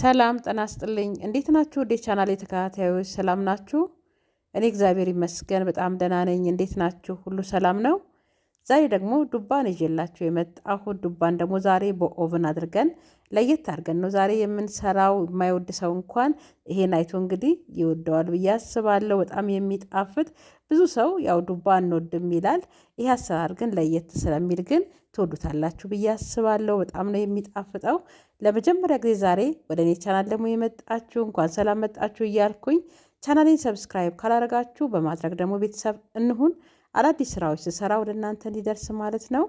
ሰላም ጤና ይስጥልኝ። እንዴት ናችሁ? ወደ ቻናል የተከታታዮች ሰላም ናችሁ? እኔ እግዚአብሔር ይመስገን በጣም ደህና ነኝ። እንዴት ናችሁ? ሁሉ ሰላም ነው? ዛሬ ደግሞ ዱባን ይዤላችሁ የመጣሁ ዱባን ደግሞ ዛሬ በኦቭን አድርገን ለየት አድርገን ነው ዛሬ የምንሰራው። የማይወድ ሰው እንኳን ይሄን አይቶ እንግዲህ ይወደዋል ብዬ አስባለሁ። በጣም የሚጣፍጥ ብዙ ሰው ያው ዱባ እንወድም ይላል። ይህ አሰራር ግን ለየት ስለሚል ግን ትወዱታላችሁ ብዬ አስባለሁ። በጣም ነው የሚጣፍጠው። ለመጀመሪያ ጊዜ ዛሬ ወደ እኔ ቻናል ደግሞ የመጣችሁ እንኳን ሰላም መጣችሁ እያልኩኝ ቻናሌን ሰብስክራይብ ካላረጋችሁ በማድረግ ደግሞ ቤተሰብ እንሁን አዳዲስ ስራዎች ስሰራ ወደ እናንተ እንዲደርስ ማለት ነው።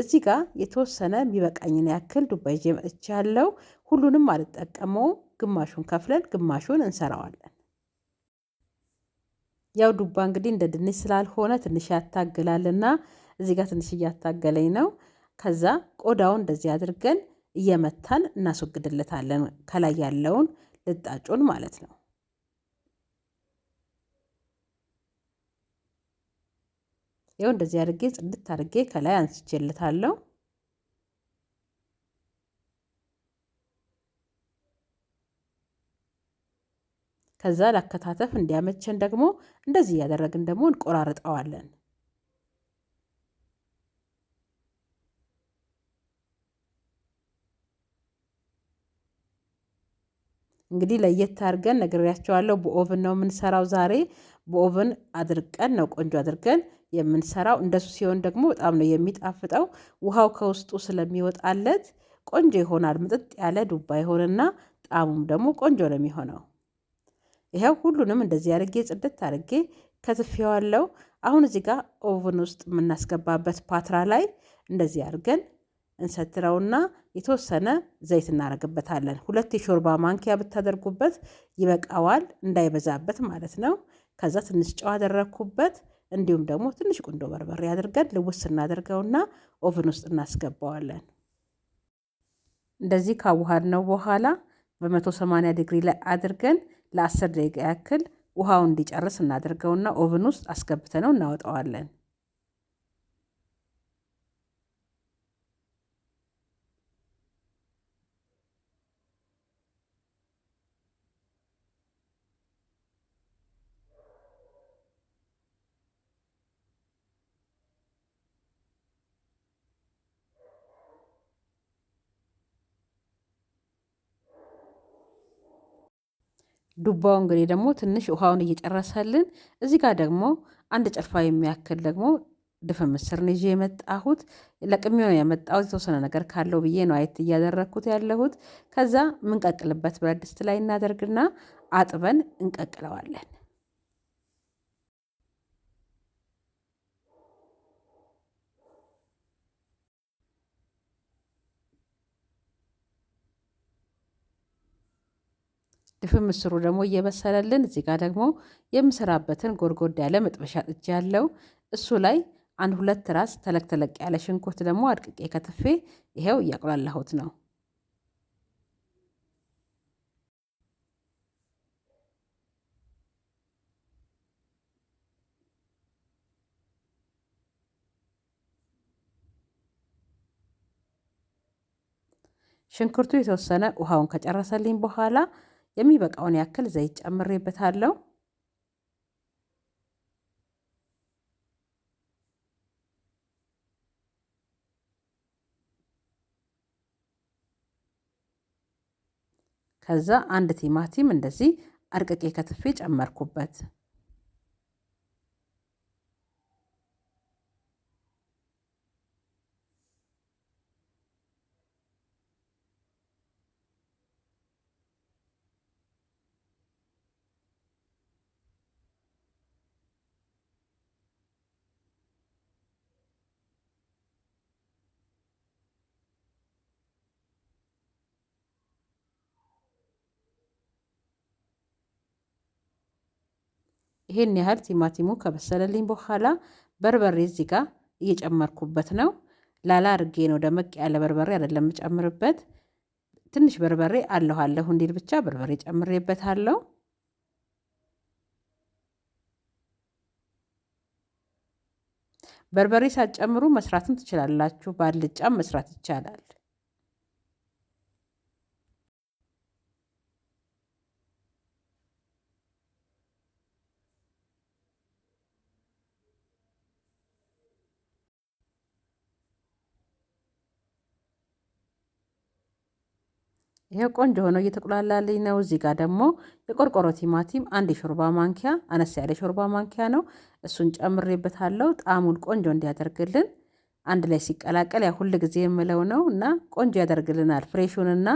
እዚህ ጋር የተወሰነ የሚበቃኝን ያክል ዱባ ይዤ ያለው ሁሉንም አልጠቀመው፣ ግማሹን ከፍለን ግማሹን እንሰራዋለን። ያው ዱባ እንግዲህ እንደ ድንች ስላልሆነ ትንሽ ያታግላልና እዚህ ጋር ትንሽ እያታገለኝ ነው። ከዛ ቆዳውን እንደዚህ አድርገን እየመታን እናስወግድለታለን ከላይ ያለውን ልጣጩን ማለት ነው። ይኸው እንደዚህ አድርጌ ጽድት አድርጌ ከላይ አንስቼልታለሁ። ከዛ ላከታተፍ እንዲያመቸን ደግሞ እንደዚህ እያደረግን ደግሞ እንቆራርጠዋለን። እንግዲህ ለየት አድርገን ነግሬያቸዋለሁ። በኦቭን ነው የምንሰራው ዛሬ። በኦቨን አድርቀን ነው ቆንጆ አድርገን የምንሰራው። እንደሱ ሲሆን ደግሞ በጣም ነው የሚጣፍጠው። ውሃው ከውስጡ ስለሚወጣለት ቆንጆ ይሆናል። ምጥጥ ያለ ዱባ ይሆንና ጣዕሙም ደግሞ ቆንጆ ነው የሚሆነው። ይኸው ሁሉንም እንደዚህ አድርጌ ጽድት አድርጌ ከትፌዋለሁ። አሁን እዚህ ጋር ኦቭን ውስጥ የምናስገባበት ፓትራ ላይ እንደዚህ አድርገን እንሰትረውና የተወሰነ ዘይት እናደርግበታለን። ሁለት የሾርባ ማንኪያ ብታደርጉበት ይበቃዋል፣ እንዳይበዛበት ማለት ነው። ከዛ ትንሽ ጨው አደረግኩበት። እንዲሁም ደግሞ ትንሽ ቁንዶ በርበሬ አድርገን ልውስ እናደርገውና ኦቨን ውስጥ እናስገባዋለን። እንደዚህ ካዋሃድ ነው በኋላ በ180 ዲግሪ ላይ አድርገን ለ10 ደቂቃ ያክል ውሃው እንዲጨርስ እናደርገውና ኦቨን ውስጥ አስገብተነው እናወጣዋለን። ዱባው እንግዲህ ደግሞ ትንሽ ውሃውን እየጨረሰልን እዚህ ጋር ደግሞ አንድ ጨልፋ የሚያክል ደግሞ ድፍን ምስር ነው ይዤ የመጣሁት። ለቅሜ ነው የመጣሁት የተወሰነ ነገር ካለው ብዬ ነው አየት እያደረግኩት ያለሁት። ከዛ ምንቀቅልበት ብረት ድስት ላይ እናደርግና አጥበን እንቀቅለዋለን። ድፍን ምስሩ ደግሞ እየበሰለልን እዚህ ጋር ደግሞ የምሰራበትን ጎድጎድ ያለ መጥበሻ ጥጄ ያለው እሱ ላይ አንድ ሁለት ራስ ተለቅ ተለቅ ያለ ሽንኩርት ደግሞ አድቅቄ ከትፌ ይሄው እያቁላላሁት ነው። ሽንኩርቱ የተወሰነ ውሃውን ከጨረሰልኝ በኋላ የሚበቃውን ያክል ዘይት ጨምሬበታለሁ። ከዛ አንድ ቲማቲም እንደዚህ አርቅቄ ከትፌ ጨመርኩበት። ይሄን ያህል ቲማቲሙ ከበሰለልኝ በኋላ በርበሬ እዚህ ጋ እየጨመርኩበት ነው። ላላ አድርጌ ነው፣ ደመቅ ያለ በርበሬ አይደለም የምጨምርበት። ትንሽ በርበሬ አለሁ አለሁ እንዲል ብቻ በርበሬ ጨምሬበታለሁ። በርበሬ ሳትጨምሩ መስራትም ትችላላችሁ። ባልጫም መስራት ይቻላል። ይሄ ቆንጆ ሆኖ እየተቁላላልኝ ነው። እዚህ ጋር ደግሞ የቆርቆሮ ቲማቲም አንድ የሾርባ ማንኪያ አነስ ያለ የሾርባ ማንኪያ ነው፣ እሱን ጨምሬበታለሁ። ጣዕሙን ቆንጆ እንዲያደርግልን አንድ ላይ ሲቀላቀል ያ ሁል ጊዜ የምለው ነው እና ቆንጆ ያደርግልናል። ፍሬሹንና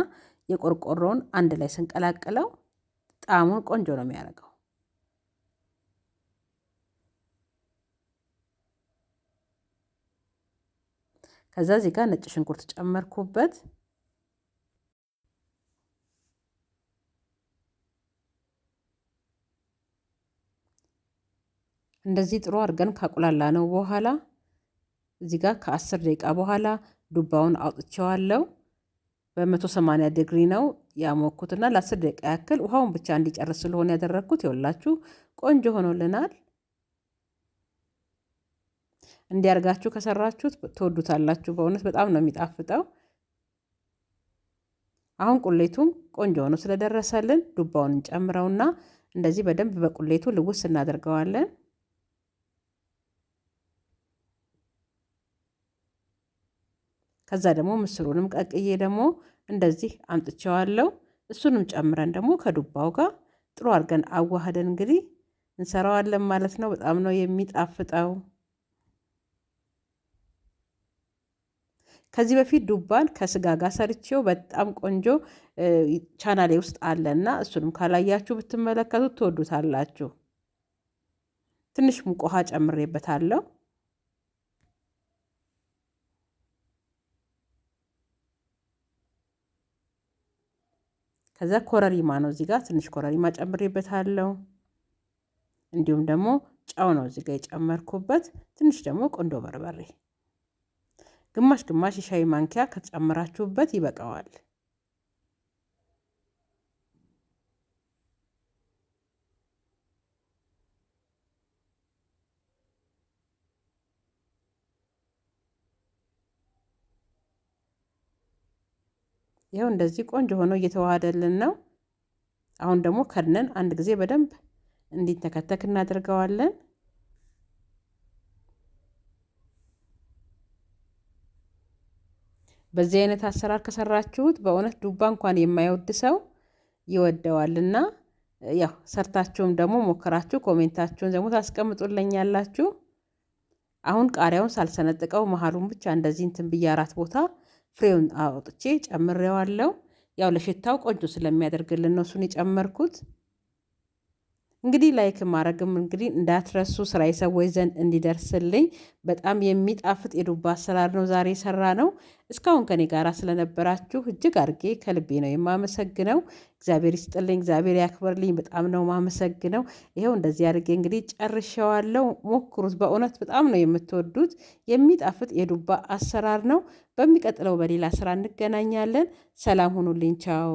የቆርቆሮውን አንድ ላይ ስንቀላቅለው ጣዕሙን ቆንጆ ነው የሚያደርገው። ከዛ እዚህ ጋር ነጭ ሽንኩርት ጨመርኩበት። እንደዚህ ጥሩ አድርገን ካቁላላ ነው በኋላ እዚህ ጋር ከአስር ደቂቃ በኋላ ዱባውን አውጥቼዋለሁ። በመቶ ሰማንያ ዲግሪ ነው ያሞኩትና ለአስር ደቂቃ ያክል ውሃውን ብቻ እንዲጨርስ ስለሆነ ያደረግኩት ይወላችሁ ቆንጆ ሆኖልናል። እንዲያርጋችሁ ከሰራችሁት ትወዱታላችሁ። በእውነት በጣም ነው የሚጣፍጠው። አሁን ቁሌቱም ቆንጆ ሆኖ ስለደረሰልን ዱባውን እንጨምረውና እንደዚህ በደንብ በቁሌቱ ልውስ እናደርገዋለን። ከዛ ደግሞ ምስሩንም ቀቅዬ ደግሞ እንደዚህ አምጥቼዋለሁ። እሱንም ጨምረን ደግሞ ከዱባው ጋር ጥሩ አድርገን አዋህደን እንግዲህ እንሰራዋለን ማለት ነው። በጣም ነው የሚጣፍጠው። ከዚህ በፊት ዱባን ከስጋ ጋር ሰርቼው በጣም ቆንጆ ቻናሌ ውስጥ አለና እሱንም ካላያችሁ ብትመለከቱት ትወዱታላችሁ። ትንሽ ሙቅ ውሃ ጨምሬበታለሁ። ከዛ ኮረሪማ ነው እዚህ ጋር ትንሽ ኮረሪማ ጨምሬበታለሁ። እንዲሁም ደግሞ ጨው ነው እዚህ ጋር የጨመርኩበት። ትንሽ ደግሞ ቆንዶ በርበሬ ግማሽ ግማሽ የሻይ ማንኪያ ከጨምራችሁበት ይበቃዋል። ይኸው እንደዚህ ቆንጆ ሆኖ እየተዋሃደልን ነው። አሁን ደግሞ ከድነን አንድ ጊዜ በደንብ እንዲተከተክ እናደርገዋለን። በዚህ አይነት አሰራር ከሰራችሁት በእውነት ዱባ እንኳን የማይወድ ሰው ይወደዋልና ያው ሰርታችሁም ደግሞ ሞክራችሁ ኮሜንታችሁን ደግሞ ታስቀምጡልኛላችሁ። አሁን ቃሪያውን ሳልሰነጥቀው መሀሉን ብቻ እንደዚህ እንትን ብዬ አራት ቦታ ፍሬውን አውጥቼ ጨምሬዋለሁ። ያው ለሽታው ቆንጆ ስለሚያደርግልን ነው እሱን የጨመርኩት። እንግዲህ ላይክ ማድረግም እንግዲህ እንዳትረሱ ስራ ሰዎች ዘንድ እንዲደርስልኝ። በጣም የሚጣፍጥ የዱባ አሰራር ነው ዛሬ የሰራ ነው። እስካሁን ከኔ ጋር ስለነበራችሁ እጅግ አድርጌ ከልቤ ነው የማመሰግነው። እግዚአብሔር ይስጥልኝ፣ እግዚአብሔር ያክበርልኝ። በጣም ነው ማመሰግነው። ይኸው እንደዚህ አድርጌ እንግዲህ ጨርሸዋለው። ሞክሩት፣ በእውነት በጣም ነው የምትወዱት። የሚጣፍጥ የዱባ አሰራር ነው። በሚቀጥለው በሌላ ስራ እንገናኛለን። ሰላም ሁኑልኝ። ቻው